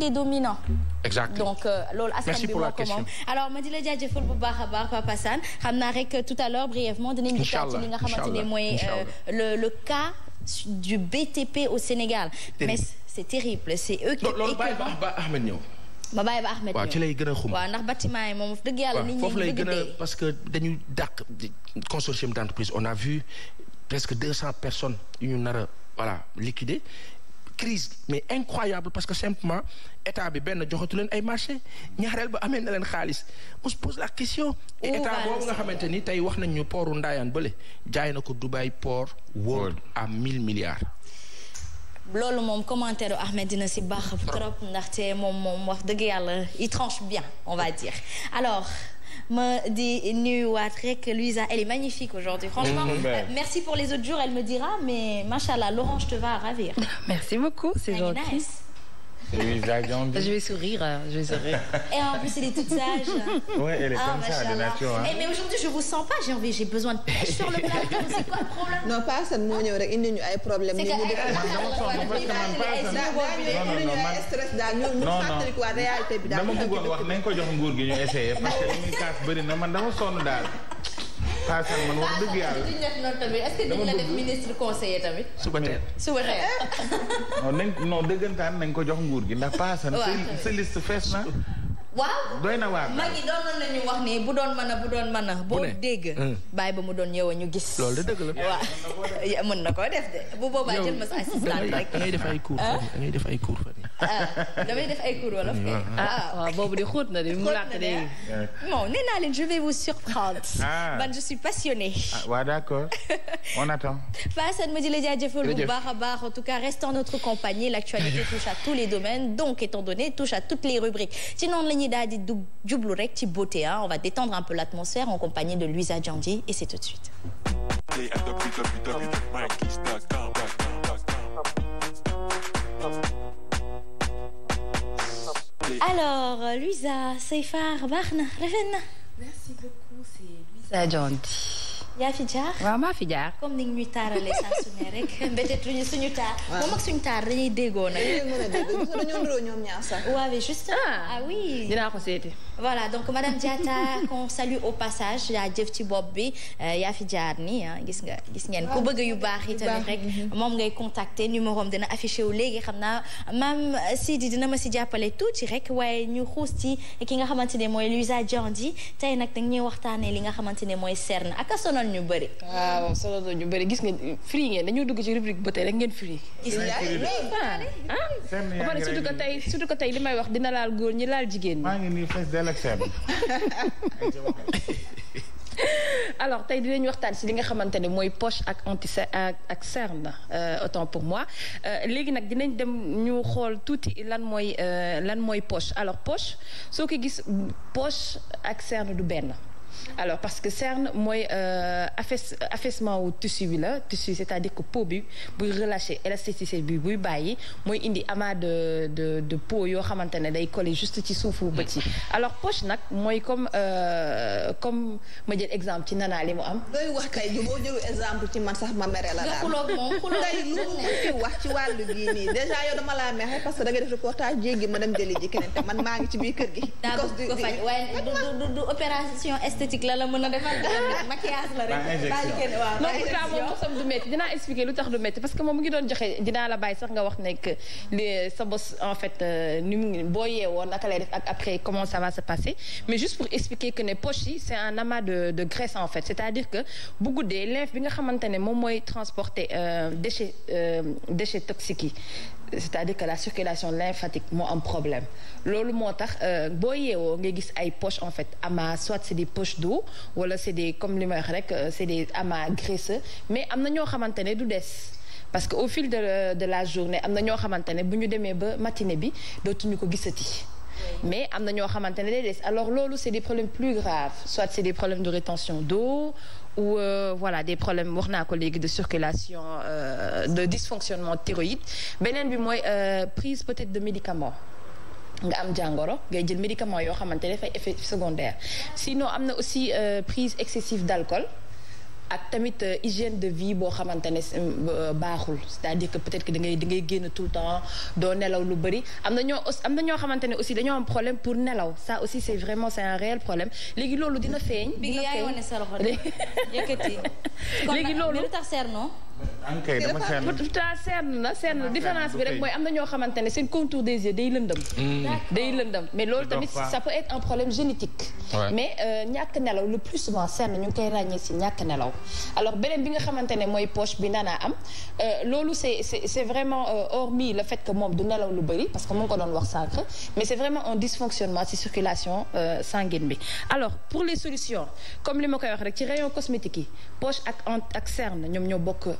des dominants. exactement donc euh, loolu askan bi moo ko alors ma di la jaajëfal bu baax a baax Papa Sane xam naa rek tout à l'heure brièvement dinañ dikkaat ci li nga xamante ne mooy euh, le le cas du BTP au Sénégal mais c'est terrible c'est eux qui loolu bàyyi ba ba Ahmed ñëw ma bàyyi ba Ahmed ñëw waaw ci lay gën a xum waaw ndax bâtiment yi moom dëgg yàlla nit foofu lay gën a parce que dañu dàq consortium d'entreprise on a vu presque deux cents personnes yu ñu nar voilà liquider crise mais incroyable parce que simplement état bi benn joxatu leen ay marché ñaareel ba amee na leen xaalis on se pose la question. état boobu nga xamante ni tey wax nañ ñu pooru Ndayane bële jaay na ko Dubai port world à mille milliards. loolu moom commentaire Ahmed dina si baax trop ndaxte moom moom wax dëgg yàlla il tranche bien on va dire ma di nuyuwaat rek Luisa elle est magnifique aujourd'hui franchement mm-hmm. euh, merci pour les autres jours elle me dira mais machallah Laurent je te vas ravir merci beaucoup c'est gentil nice. Oui, je vais sourire, euh, je vais sourire. Et en plus, elle est toute sage. Oui, elle est ah, comme ça, de nature. Hein. Hey, eh, mais aujourd'hui, je vous sens pas, j'ai envie, j'ai besoin de pêche sur le plateau. C'est quoi le problème Non, pas ça, moo ñëw rek indi ñu ay problème. C'est que dama bëggoon wax nañ ko jox nguur gi ñu essayé parce que li muy kaas bëri na man dama sonn daal. saa sal man wax dëgg yàlla duñ def noonu tamit est-ce que duñ la def ministre conseiller tamit. suba teel suba teel. non nañ non dëggantaan nañ ko jox nguur gi ndax paasan. waaw sa liste fees na. waaw doy na waar mag yi doon la ñu wax ni bu doon mën a bu doon mën a boo dégg bàyyi ba mu doon ñëw a ñu gis loolu de dëgg la waaw mën na ko def de bu boobaa jël ma sa assistant rek da ngay def ay cours ah. da ngay def ay cours damay def ay cours wolof kay. ah waaw boobu di xóot na de mu laajte de. bon nee naa leen je vais vous surprendre. ah man je suis passionnée. ah waaw d'accord on attend. Fassane ma di la jaajëfal bu baax a baax en tout cas reste en notre compagnie l'actualité touche à tous les domaines donc étant donné touche à toutes les rubriques ci noonu la ñuy daal di jublu rek ci beauté ah on va détendre un peu l'atmosphère en compagnie de Luisa Djandji et c'est tout de suite. alors Luisa Seyfar baax na rafet na. merci waaw maa fi jaar. comme ni ñuy taaralee saa su ne rek mbétetuñu suñu taar. waaw moom ak suñu taar dañuy déggoo nag. dañuy mën a déggoo dañoo ñoom ñaar sax. juste. Ah. ah oui dinaa ko seeti. voilà donc madame Diatta qu'on salue au passage yaa jëf ci bopp bi euh, yaa fi jaar nii gis nga gis ngeen ku bëgg yu baax yi tamit rek moom ngay contacter numéro am dina affiché wu léegi xam naa maam Sidi dina ma si jàppale tout ci rek waaye ñu xuus ci ki nga xamante ne mooy Luisa Diandi tey nag dañ ñuy waxtaanee li nga xamante ne mooy CERN ak a sonal ñu bëri. waaw sonal ñu bëri gis ngeen free ngeen dañoo dugg ci rubrique ba tey rek ngeen free. gis nga ah surtout que tey surtout que li may wax dina ak seen alors tey dinañu waxtaan si li nga xamante ne mooy poche ak anti ak cerne euh, autant pour moi euh, léegi nag dinañ dem ñu xool tuuti lan mooy euh, lan mooy poche alors poche soo ko gis poche ak cerne du benn. alors parce que cerne mooy euh, affaisse affaissement wu tissu bi la tissu c'est-à-dire que bi buy bàyyi mooy indi amas de de de yoo xamante ne day collé juste ci suufu bët yi mm. alors poche nag mooy comme euh, comme ma jël exemple ci nanaa li mu am. looy wax kay ju boo jëlu exemple ci man sax ma mere la daal. tey lu fi wax ci wàllu gii nii déjà yow dama laa meexee parce que da nga def reportage jéggi ma dem jëli ji keneen te man maa ngi ci biir kër gi. daa esthétique la la mën a defal maquillage la rek. injection non pourtant moom mosam du métti dinaa expliquer lu tax du metti parce que moom mu ngi doon joxe dinaa la bàyyi sax nga wax nekk li sa bos en fait euh, ni mu boo yeewoo naka lay def ak après comment ça va se passer mais juste pour expliquer que ne poche yi c'est un amas de de graisse en fait c'est-à-dire que bu guddee lèvre bi nga xamante ne moom mooy transporter euh, déchets euh, déchets yi. c'est-à-dire que la circulation lymphatique moo am problème loolu moo tax euh, boo yeewoo nga gis ay poches en fait ama soit c'est des poches d'eau wala c'est des comme li ma rek euh, c'est des ama graisseux mais am na ñoo xamante ne du des parce que au fil de euh, de la journée am na ñoo xamante ne bu ñu demee ba matinée bi dootuñu ko gisati. mais am na ñoo xamante ne day des alors loolu c'est des problèmes plus graves soit c'est des problèmes de rétention d'eau ou euh, voilà des problèmes wax naa ko léegi de circulation euh, de dysfonctionnement thyroïde beneen bi mooy euh, prise peut-être de médicaments nga am jàngoro ngay jël médicaments yoo xamante ne dafay effet secondaire sinon am na aussi euh, prise excessive d'alcool ak tamit euh, hygiène de vie boo xamante ne euh, baaxul c'est-à-dire que peut-être que dangay ngay ngay génn tout le temps doo nelaw lu bëri am na ñoo am na ñoo xamante ne aussi dañoo am problème pour nelaw ça aussi c'est vraiment c'est un réel problème léegi loolu dina feeñ. bi yaay wane sa loxo de yëkkati. léegi loolu lu tax Cerno ankay dama seen pourtant seen na seen différence bi rek mooy am na ñoo xamante ne seen contour des yeux day lëndëm hmm. day lëndëm mais loolu tamit ça peut être un problème génétique mais euh, ñàkk nelaw le plus souvent seen ñu ngi koy ràññee si ñàkk nelaw alors beneen bi nga xamante ne mooy poche bi naanaa am euh, loolu c'est c'est c'est vraiment euh, hormis le fait que moom du nelaw lu bëri parce que mu ngi ko doon wax sànq mais c'est vraiment un dysfonctionnement si circulation sanguine bi alors pour les solutions comme li ma koy wax ci rayon cosmétique yi poche ak ak cerne ñoom ñoo bokk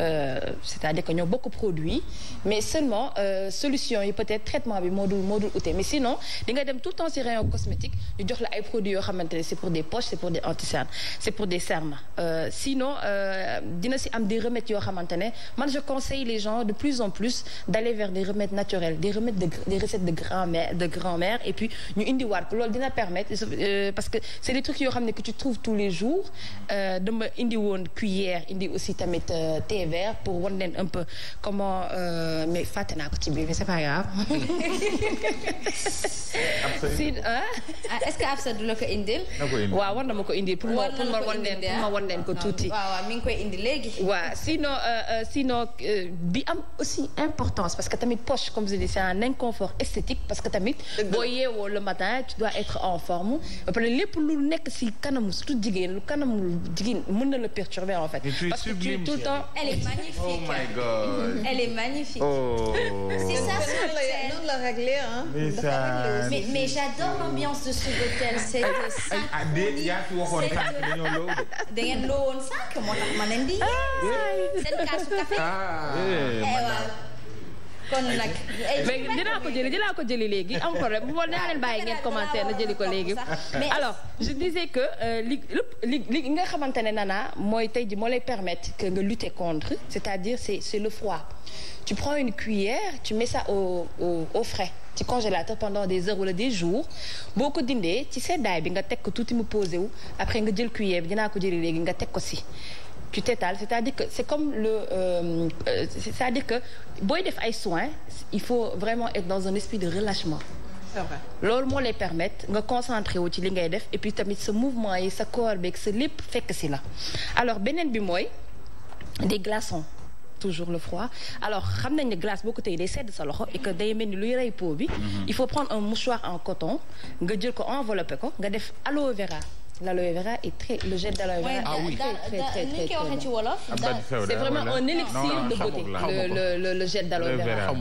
Euh, c'est-à-dire que ñoo bokk produit mais seulement euh, solution yi peut-être traitement bi moo dul moo mais sinon di nga dem tout le temps cosmétique ñu jox la ay produits yoo c'est pour des poches c'est pour des anti c'est pour des cernes euh, sinon dina ci am des remèdes yoo xamante ne je conseille les gens de plus et puis ñu indiwaat ko loolu dina permettre parce que c'est des trucs yoo xam que tu trouves tous les jours univers pour wan leen un peu comment euh, mais fàtte naa ko ci biir mais c'est pas grave. si ah? ah est-ce que Absa du la ko indil. waaw war na ma ko indil pour ma pour ma wan leen pour ko ah. tuuti. waaw mi ngi koy indi léegi. waaw sinon euh, euh, sinon euh, bi am aussi importance parce que tamit poche comme je dis un inconfort esthétique parce que tamit. boo yeewoo le matin tu dois être en forme. après lépp lu nekk si kanamu surtout jigéen lu kanamu jigéen mën na la perturber en fait. parce que tu tout magnifique. oh my God. elle est magnifique. oh. c'est ça sur l'hôtel. non la réglé ah. mais mais j'adore l'ambiance de ce hôtel. c'est sànq. ah de yaa fi waxoon sànq dañoo loo de. da ngeen loo woon sànq moo tax ma leen di. seen kaasu café. ah. ah kon nag eh, mais dinaa ko jëli léegi am problème bu ma naa leen bàyyi ngeen commentaire na jëli ko léegi alors je disais que euh, li nga xamante ne nana mooy tey ji moo lay permettre que nga lutter contre c'est-à-dire c'est le froid tu prends une cuillère tu mets ça au au au frais ci congélateur pendant des heures wala des jours boo ko dindee ci seddaay bi nga teg ko tuuti mu posé wu après nga jël cuillère bi dinaa ko jëli léegi nga teg ko si tu t'étales c'est-à-dire que c'est comme le euh, euh cest dire que booy def ay soin il faut vraiment être dans un esprit de relâchement c'est vrai loolu moo lay permettre nga concentré wu ci li ngay def et puis tamit sa mouvement yi sa corps beeg sa lépp fekk si la alors beneen bi mooy des glaçons toujours le froid alors xam nañ ne glace boo ko tey day sedd sa loxo et que day mel ni luy rey peau bi mhm. il faut prendre un mouchoir en coton nga jël ko enveloppé ko nga def alo vera l'aloe vera est très le gel d'aloe vera. ah oui très très très très bon. Ah, c'est vraiment un élixir de beauté. le le le gel d'aloe vera.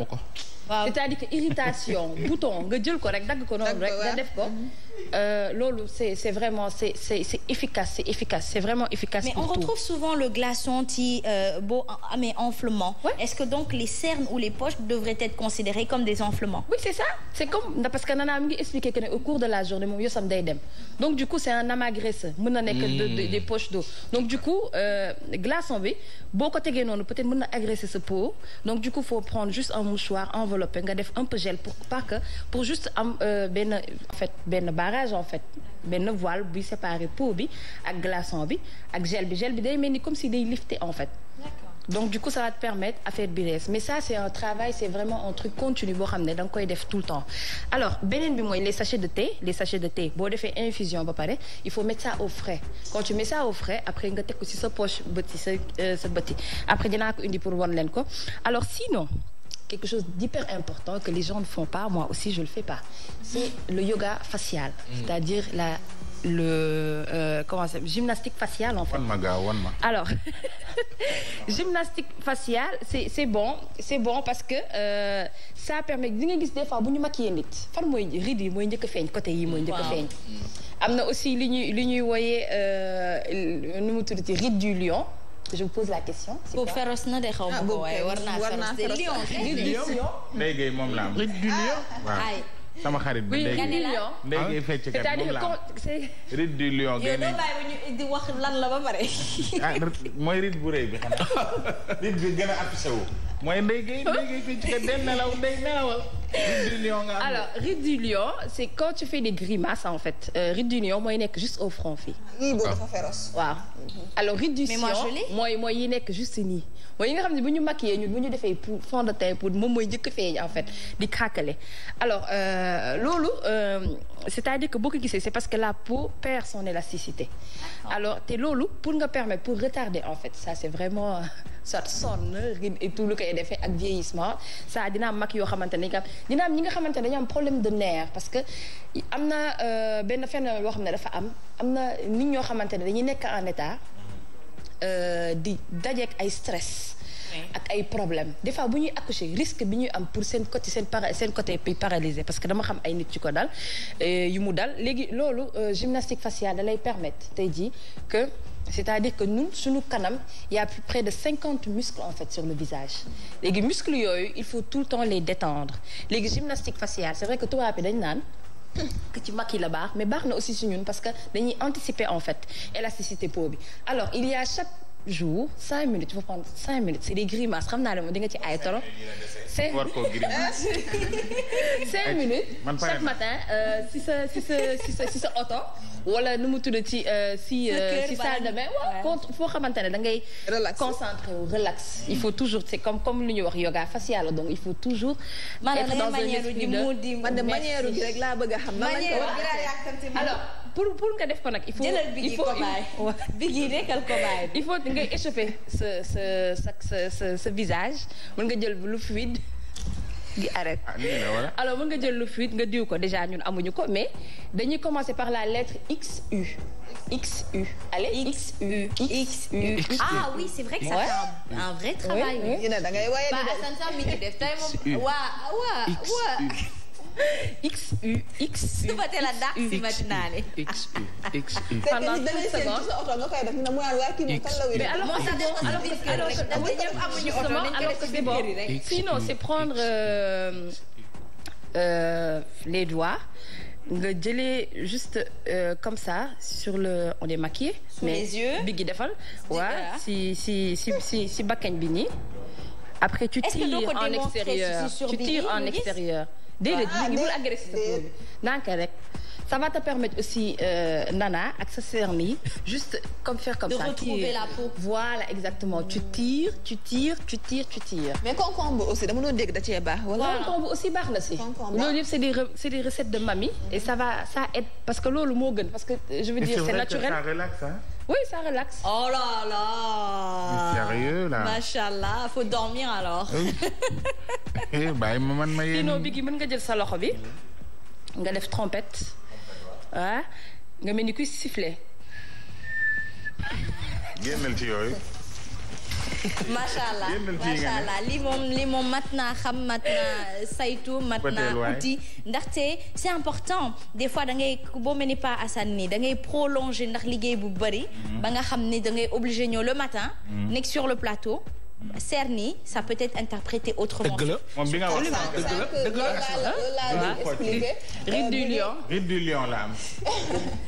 waaw c'est-à-dire que irritation bouton nga jël ko rek dagg ko noonu rek nga def ko mm-hmm. euh, loolu c'est c'est vraiment c'est c'est c'est efficace c'est efficace c'est vraiment efficace mais pour on tout. retrouve souvent le glaçon ci euh, boo amee enflement ouais. est-ce que donc les cernes ou les poches devraient être considérées comme des enflements oui c'est ça c'est comme parce que nana mi ngi expliquer que ne au cours de la journée moom yosam day dem donc du coup c'est un amas graisseux mën na nekk des mm. poches d'eau donc du coup euh, glaçon bi boo ko tegee noonu peut-être mën na agresser sa peau donc du coup faut prendre juste un mouchoir enveloppe développé nga def un peu gel pour pas que pour juste am euh, benn en benn barrage en fait benn voile buy séparer peau bi ak glaçon bi ak gel bi gel bi day mel ni comme si day lifté en fait. donc du coup ça va te permettre affaire bi rees mais ça c'est un travail c'est vraiment un truc continu boo xam ne da nga koy def tout le temps alors beneen bi mooy les sachets de thé les sachets de thé boo defee infusion ba pare il faut mettre ça au frais quand tu mets ça au frais après nga teg ko ci sa poche sa euh, sa bëti après dinaa ko indi pour wan leen ko alors sinon quelque chose d'hyper important que les gens ne font pas, moi aussi je le fais pas. C'est le yoga facial, mmh. c'est-à-dire la le euh, comment ça gymnastique faciale en fait. One maga, one ma. Alors gymnastique faciale c'est c'est bon c'est bon parce que euh, ça permet di nga gis des fois bu ñu maquiller nit fan mooy rides yi mooy njëkk a feeñ côté yi mooy njëkk a feeñ am na aussi li ñuy li ñuy wooyee nu euh, mu tuddati ride du lion je vous pose la question. c'est quoi féroce na de xaw ma ko waaye war naa féroce lion moom la am. ay ah, sama xarit bi ndéyge ndéyge fecc kat moom la am rite du lion. yow doo bàyyi ba ñu di wax lan la ba pare. ah mooy rite bu rëy bi xanaa rite bi gën a affiché wu. mooy ndéyge ndéyge fecc kat den nelaw ndey nelawal. ride du lion nga am alors ride du c'est quand tu fais des grimaces en fait euh, ride du lion mooy nekk juste au front fii. lii boobu dafa du lion mooy mooy yi nekk juste nii mooy yi nga xam ne bu ñu maquillé ñun bu ñu defee pour fond de teint pour moom mooy njëkk feeñ en fait di craquelé alors euh, loolu euh, c'est-à-dire que boo ko gisee c'est parce que la peau perd son élasticité. alors te loolu pour nga permettre pour retarder en fait ça c'est vraiment soit sonn ride et tout lu koy defee ak vieillissement ça dina am yoo xamante ne dina am ñi nga xamante ne dañu am problème de nerf parce que am na euh, benn phénomène boo xam ne dafa am am na nit ñoo xamante ne dañuy nekk en état euh, di dajeek ay stress. ak ay problème des fois bu ñuy accoucher risque bi ñuy am pour seen côté seen para seen côté bi paralysé parce que dama xam ay nit ci ko dal euh, yu mu dal léegi loolu gymnastique faciale da lay permettre tey jii que. c'est-à-dire que ñun suñu kanam y a près de cinquante muscles en fait sur le visage léegi muscles yooyu il faut tout le temps les détendre léegi gymnastique faciale c'est vrai que tubaab bi dañ naan que ci mag yi la baax mais baax na aussi si ñun parce que dañuy anticiper en fait élasticité peau bi alors il y a chaque jour cinq minutes il faut prendre cinq xam naa ne moom di nga ci ay torop. cinq minutes chaque matin euh, si sa si sa si sa sa oto. wala nu mu tudd ci euh, si si euh, salle de bain waaw foo xamante ne da ngay. concentré wu relax. il faut toujours c'est comme comme lu ñuy wax yoga facial la donc il faut toujours. être dans un esprit de man de manière gi rek laa bëgg a xam. alors. pour pour nga def ko nag. il faut jëlal bigi cobaye bigi nekkal cobaye. il faut nga échauffer sa sa sa visage mën nga jël lu fluide. gi ah, alors mën nga jël lu fluide nga diw ko déjà ñun amuñu ko mais dañuy commencer par la lettre XU. XU. Allez, XU. XU. Ah oui, c'est vrai que ça ouais. fait un, un vrai travail. Oui, oui. Bah, x u x u matinale x u x u pendant trente secondes alors que c'est bon sinon c'est prendre euh, euh, les doigts nga jëlee juste euh, comme ça sur le on est maquillé. sous mais les yeux bi gi defal. waa si si si si si bakkañ bi nii. après tu tires en extérieur tu tires en extérieur déedéet ñu bul agressif nanka rek ça va te permettre aussi euh, Nana ak sa sermi juste comme faire comme de ça. de retrouver la peau. voilà exactement tu tires tu tires tu tires tu tires. mais concombre aussi dama doon dégg da cee baax. voilà concombre aussi baax na si. concombre loolu yëpp c'est des c'est des recettes de mamie. et ça va ça aide parce que loolu moo gën parce que je veux dire c'est naturel. Et c'est vrai que ça relaxe, hein? Oui, ça relaxe. Oh là là. Mais sérieux là. machallah faut dormir alors. eh bàyyi ma man ma yéen. sinon bi gi mën nga jël sa loxo bi nga def trompette ah nga mel ni kuy siffler. génnal ci yooyu. macha allah macha allah lii moom lii moom mat naa xam mat naa saytu mat naa uti ndaxte c'est important des fois da ngay boo mel ni pas Assane nii da ngay prolonger ndax liggéey bu bëri mm-hmm. banga nga xam ni da ngay obligé ñëw le matin mm-hmm. nekk sur le plateau cerni ça peut être interprété autrement. dëgg la moom bi nga wax dëgg la dëgg la ride du lion ride du lion la am.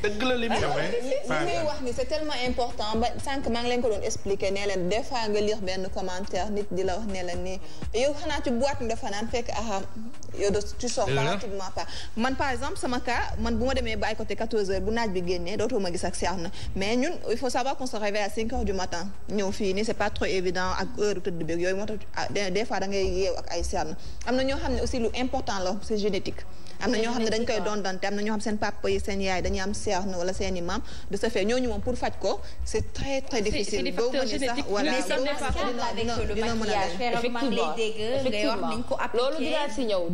dëgg la li muy wax ni c'est tellement important ba sànq maa ngi leen ko doon expliquer nee leen des fois nga lire benn commentaire nit di la wax nee leen nii yow xanaa ci boîte dafa naan fekk aha yow de tu sors pratiquement par exemple sama cas man bu ma demee ba ay côté 14 heures bu naaj bi génnee dootoo ma gis ak seex na mais ñun il faut savoir qu'on se réveille à heures du matin ñëw fii nii c'est pas trop évident ak heure tëdd beeg yooyu moo tax ah, des fois da yeew ak ay seex na am na ñoo xam ne aussi lu important la c'est génétique am na ñoo xam ne dañ koy doon am na ñoo xam seen papa yi seen yaay dañuy am seex na wala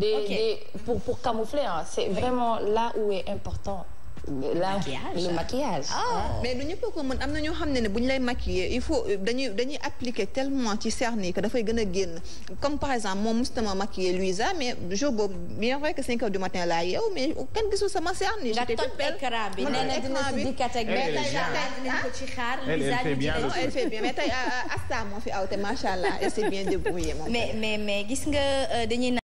des, okay. des pour pour camoufler hein. c'est oui. là où est important. la maquillage le ah. mais du ñëpp ko mën am na ñoo xam ne ne bu ñu lay maquiller il faut euh, dañuy dañuy appliquer tellement ci cernes yi dafay gën a génn comme par exemple moom mosut ma maquiller Luisa mais jour boobu bien vrai que 5 heures du matin laa yeew mais kenn gisul sama cerne yi. j'étais toute belle dina si dikkat ak ko ci xaar. Luisa euh, euh, Asta moo fi aw te macha allah elle s'est bien débrouillée moom. mais mais gis nga dañuy